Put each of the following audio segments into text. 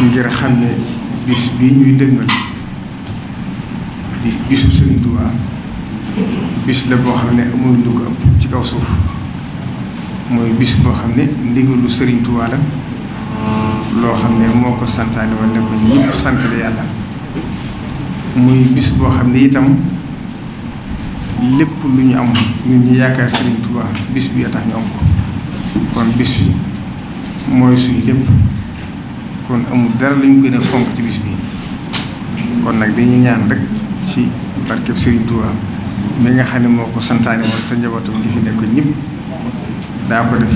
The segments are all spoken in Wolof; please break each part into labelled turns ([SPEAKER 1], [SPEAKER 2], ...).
[SPEAKER 1] ngir xam ne bis bii ñuy dëgmal di bisu Serigne Touba bis la boo xam ne amul lu ko ëpp ci kaw suuf mooy bis boo xam ne ndigalu lu Touba la loo xam ne moo ko santaane woon ne ko ñëpp sant yàlla muy bis boo xam ne itam lépp lu ñu am ñun ñu yaakaar Serigne bis bi a tax ñu am ko kon bis bi mooy suy lépp. kon amul dara lu ñu gën a fonk ci bis bi kon nag ñu ñaan rek ci barkeb Serigne Touba mi nga xam ne moo ko santaane moo te njabootam gi fi nekk ñëpp daa ko def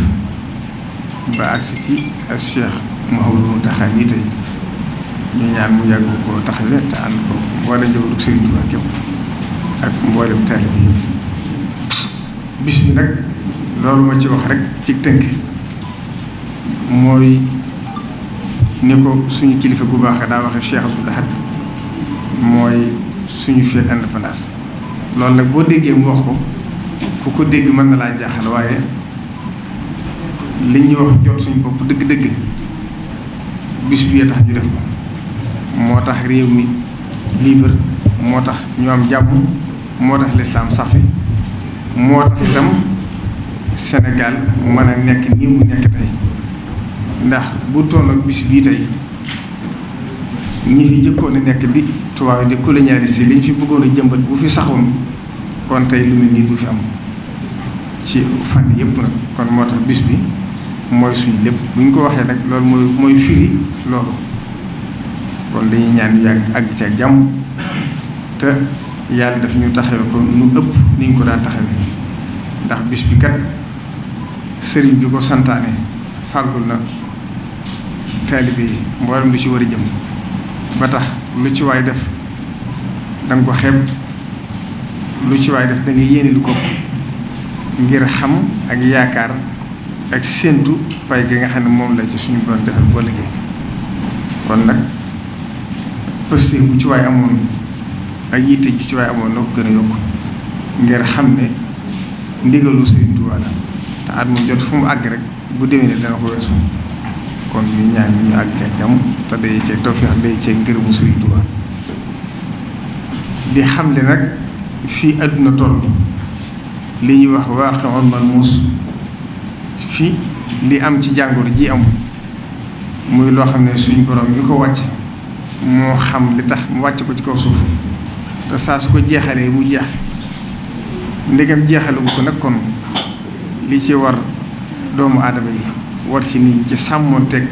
[SPEAKER 1] ba agsi ci ak Cheikh Mouhamadou taxaan mii tey ñu ñaan mu yàgg koo taxawe te ànd ko mboolem njabootu Serigne Touba képp ak mboolem taalib bis bi nag loolu ma ci wax rek ci tënk mooy ni ko suñu kilifa gu baax daa waxe Cheikh Abdoul Ahad mooy suñu fête indépendance loolu nag boo déggee mu wax ko ku ko dégg mën na laa jaaxal waaye li ñuy wax jot suñu bopp dëgg-dëgg bis bi tax ñu def ko moo tax réew mi libre moo tax ñu am jàmm moo tax lislaam safi moo tax itam Sénégal mën a nekk nii mu nekk tey ndax bu toll ak bis bii tey ñi fi jëkkoon a nekk di tubaab di colonialiste liñ fi bëggoon a jëmbat bu fi saxoon kon tey lu mel nii du fi am ci fan yëpp nag kon moo tax bis bi mooy suñ lépp bu ñu ko waxee rek loolu mooy mooy firi loolu kon dañuy ñaan yàgg àgg ca jàmm te yàlla daf ñu taxawe ko nu ëpp ni ñu ko daan taxawe ndax bis bi kat sëriñ bi ko santaane fàggul na ci taalibe yi lu ci war a jëm ba tax lu ci waay def da ko xem lu ci waay def da nga yéene lu ko ngir xam ak yaakaar ak séentu fay gi nga xam ne moom la ci suñu doon defal boo liggéey kon nag pëste bu ci waay amoon ak yitte ju ci waay amoon na ko gën a yokk ngir xam ne ndigalu Sëriñ Tuubaa la te at mu jot fu mu àgg rek bu demee ne dana ko weesu kon ñu ñaan ñu àgg ca jàmm te day cee tawfeex day cee ngërëmu Sëriñ Tuuba di xamle nag fii àdduna toll li ñuy wax waaqewoon man muus fi li am ci jàngoro ji am muy loo xam ne suñ borom mi ko wàcc moo xam li tax mu wàcc ko ci kaw suuf te saa su ko jeexalee mu jeex ndegam jeexalu ko nag kon li ci war doomu aadama yi war ci nit ci sàmmoon teg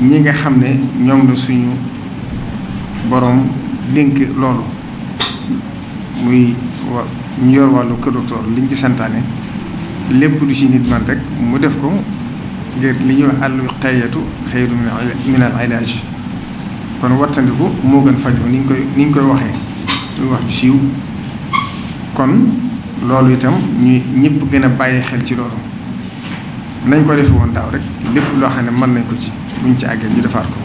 [SPEAKER 1] ñi nga xam ne ñoom la suñu boroom dénk loolu muy wa ñu yor wàllu kër docteur liñ ci santaane lépp lu ci nit man rek mu def ko ngir li ñuy wax àllu xayatu xayru min al ilaaj kon wattandiku moo gën fajoo ni ñu koy ni ñu koy waxee muy wax ju kon loolu itam ñuy ñëpp gën a bàyyi xel ci loolu nañ ko defe woon daaw rek lépp loo xam ne mën nañ ko ci buñ ci àggee ñu defaat ko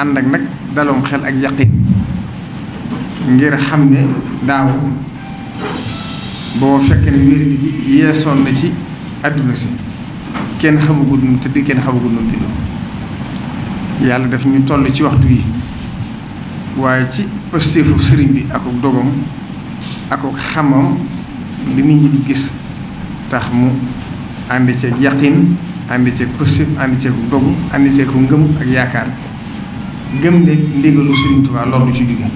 [SPEAKER 1] ànd ak nag daloom xel ak yaqin ngir xam ne daaw boo fekkee ne wér gi yeesoon na ci àdduna si kenn xamagul nu tëdd kenn xamagul nu dund yàlla daf ñu toll ci waxtu yi waaye ci pëstéefu sëriñ bi ak dogom ak xamam li nit ñi di gis tax mu ànd ceeg yaqin ànd ceeg pësib ànd ceeg dogu ànd ceeg ngëm ak yaakaar gëm ne ndigalu Serigne Touba loolu ci jóge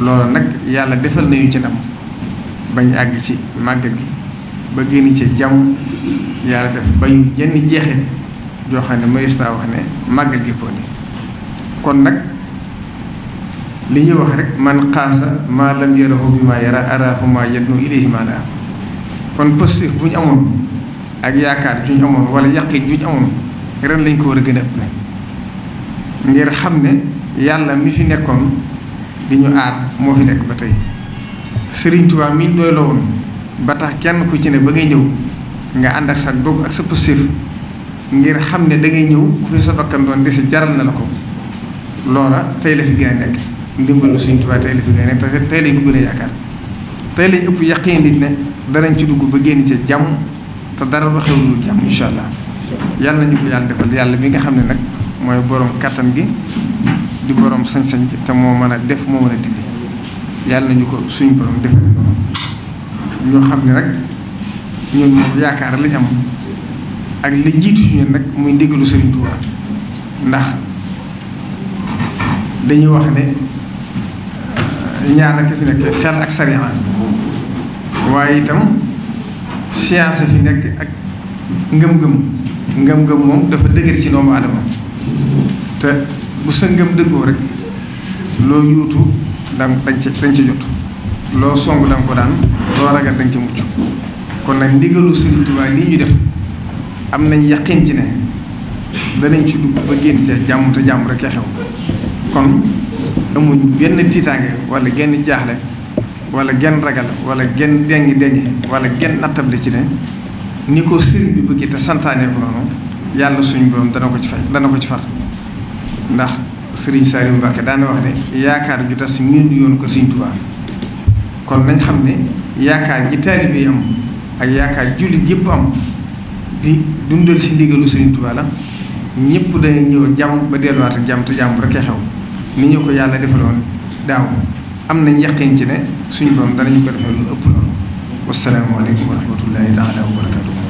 [SPEAKER 1] loolu nag yàlla defal nañu ci ndam bañ àgg ci màggal gi ba génn ci jàmm yàlla def bañu jenn jeexit joo xam ne magista wax ne màggal gi ko ni kon nag li ñu wax rek man xaasa maa lam yarahu bi maa yara arahu maa yadnu ilayhi maanaam kon pësif bu ñu amoon ak yaakaar ju ñu amoon wala yaqin ju ñu amoon ren lañ ko war a gën a ëpp ne ngir xam ne yàlla mi fi nekkoon di ñu aar moo fi nekk ba tey Sëriñ Tuubaa mi ñu doyloo woon ba tax kenn ku ci ne ba ngay ñëw nga ànd ak sa dog ak sa positif ngir xam ne dangay ñëw ku fi sa bakkan doon desi jaral na la ko loola tey la fi gën a nekk ndimbalu Sëriñ Tuubaa tey la fi gën a nekk tey lañ ko gën a yaakaar tey lañ ëpp yaqin nit ne danañ ci dugg ba génn ca jàmm. te dara lu xew lu jàmm incha allah yàlla nañu ko yàlla defal yàlla bi nga xam ne nag mooy boroom kàttan gi di borom sañ-sañ te moo mën a def moo mën a dindi yàlla nañu ko suñu borom defal ñoo xam ne nag ñun moom yaakaar lañ am ak li jiitu ñu nag muy ndigalu Sëriñ Tuuba ndax dañuy wax ne ñaar rek fi nekk xel ak sariya waaye itam. science fi nekk ak ngëm-ngëm ngëm-ngëm moom dafa dëgër ci noomu aadama te bu sa ngëm dëggoo rek loo yuutu daan dañ ca dañ ca jot loo song danga ko daan loo ragal dañ ca mucc kon nag ndigalu Sëriñ Tuubaa lii ñu def am nañ yaqin ci ne danañ ci dugg ba génn ca jàmm te jàmm rek a xew kon amuñ benn tiitaange wala genn jaaxle wala genn ragal wala genn dengi dengi wala genn nattable ci ne ni ko sëriñ bi bëggee te santaanee ko noonu yàlla suñu borom dana ko ci fay dana ko ci far ndax sëriñ yu Mbacke daana wax de yaakaar ju tas miin yoon ko Sëriñ Tuubaa kon nañ xam ne yaakaar ji taalibe yi ak yaakaar jullit yëpp am di dundal si ndigalu Sëriñ Tuubaa la ñëpp day ñëw jàmm ba delluwaat ak jàmm te jàmm rek xew ni ñu ko yàlla defaloon daaw am nañ yaqin ci ne suñu borom danañu ko defal lu ëpp loolu wassalaamu aleykum wa rahmatullahi taala wa barakatuh